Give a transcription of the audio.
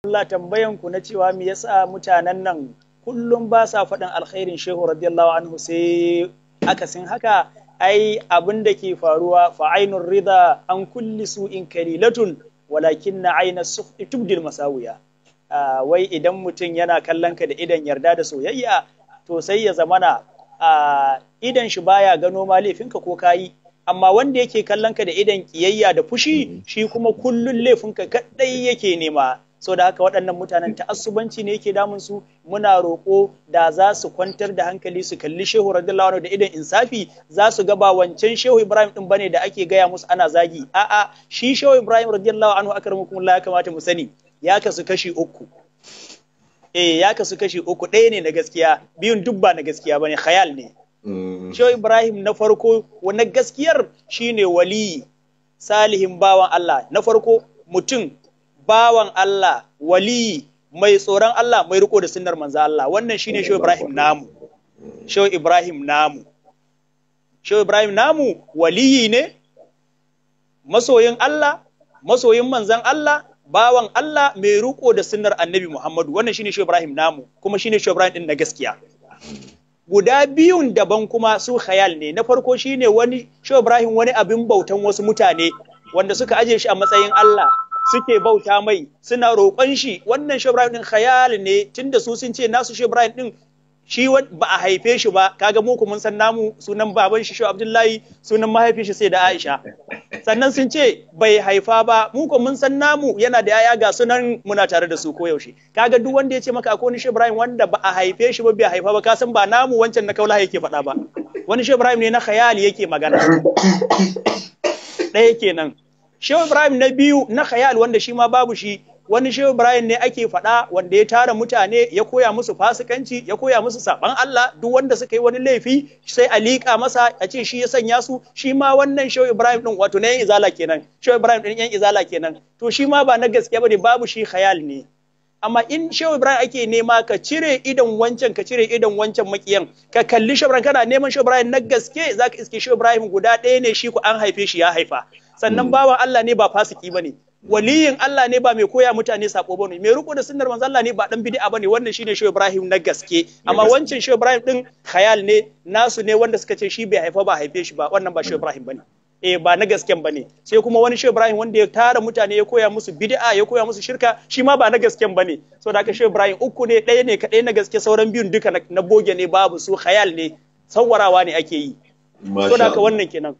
Allah tambayan ku na cewa me yasa mutanen nan kullum ba sa faɗin alkhairin shehu radiyallahu anhu sai sin haka ai abin da ke faruwa fa ainur rida an kulli su in kalilatun walakin na aina sufi tubdil masawiya ah, wai idan mutum yana kallon ka da idan yarda da soyayya to sai ya zamana ah, idan shi baya gano ma laifinka ko kayi amma wanda yake kallon ka da idan kiyayya da fushi mm-hmm. shi kuma kullun laifinka kaɗai yake nema so da haka waɗannan mutanen ta'assubanci ne yake damun su muna roƙo da za su kwantar da hankali su kalli shehu radiyallahu da idan insafi za su ga wancan shehu ibrahim din bane da ake gaya musu ana zagi a'a shi shehu ibrahim radiyallahu anhu kuma ya kamata mu sani ya kasu kashi uku eh ya kasu kashi uku ɗaya ne na gaskiya biyun dubba na gaskiya bane khayal ne mm. Shehu Ibrahim na farko na gaskiyar shine wali. salihin bawan Allah na farko mutum bawan Allah waliyi mai tsoron Allah mai riko da sunnar manzo Allah wannan shine Shehu Ibrahim namu Shehu Ibrahim namu Shehu Ibrahim namu waliyi ne masoyin Allah masoyin manzan Allah bawan Allah mai riko da sunnar Annabi Muhammadu wannan shine Shehu Ibrahim namu kuma shine Shehu Ibrahim din na gaskiya guda biyun daban kuma su khayal ne na farko shine wani Shehu Ibrahim wani abin bautan wasu mutane wanda suka aje shi a matsayin Allah suke bauta mai suna roƙon shi wannan shebrahim din khayal ne tunda su sun ce nasu shebrahim din shi ba a haife shi ba kaga mu mun san namu sunan baban shi Abdullahi sunan mahaifin shi sai da Aisha sannan sun ce bai haifa ba mu mun san namu yana da yaya ga sunan muna tare da su ko yaushe kaga duk wanda ya ce maka akwai wani shi wanda ba a haife shi ba bai haifa ba ka san ba namu wancan na kaula yake faɗa ba wani shi Ibrahim ne na khayali yake magana ɗaya kenan shehu ibrahim na biyu na khayal wanda shi ma babu shi wani shehu ibrahim ne ake faɗa wanda ya tara mutane ya koya musu fasikanci ya koya musu saban Allah duk wanda suka yi wani laifi sai a liƙa masa a ce shi ya sanya su shi ma wannan shehu ibrahim din wato na yan izala kenan shehu ibrahim din yan izala kenan to shi ma ba na gaskiya bane babu shi khayal ne amma in shehu ibrahim ake nema ka cire idan wancan ka cire idan wancan makiyan ka kalli shehu ibrahim kana neman shehu ibrahim na gaske zaka iske shehu ibrahim guda ɗaya ne shi ku an haife shi ya haifa sannan mm. bawan Allah ne ba fasiki bane waliyin Allah ne ba mai koya mutane sako bane mai riko da sunnar manzo Allah ne ba dan bid'a bane wannan shine Shehu Ibrahim na gaske amma wancan Shehu Ibrahim din khayal ne nasu ne wanda suka ce shi bai haifa ba haife shi ba wannan ba Shehu mm. Ibrahim bane eh ba na gasken bane sai kuma wani Shehu Ibrahim wanda ya tara mutane ya koya musu bid'a ya koya musu shirka shi ma ba na gasken bane saboda haka Shehu Ibrahim uku ne ɗaya ne kaɗai na gaske sauran biyun duka na boge ne babu su khayal ne sawarawa ne ake yi saboda haka wannan kenan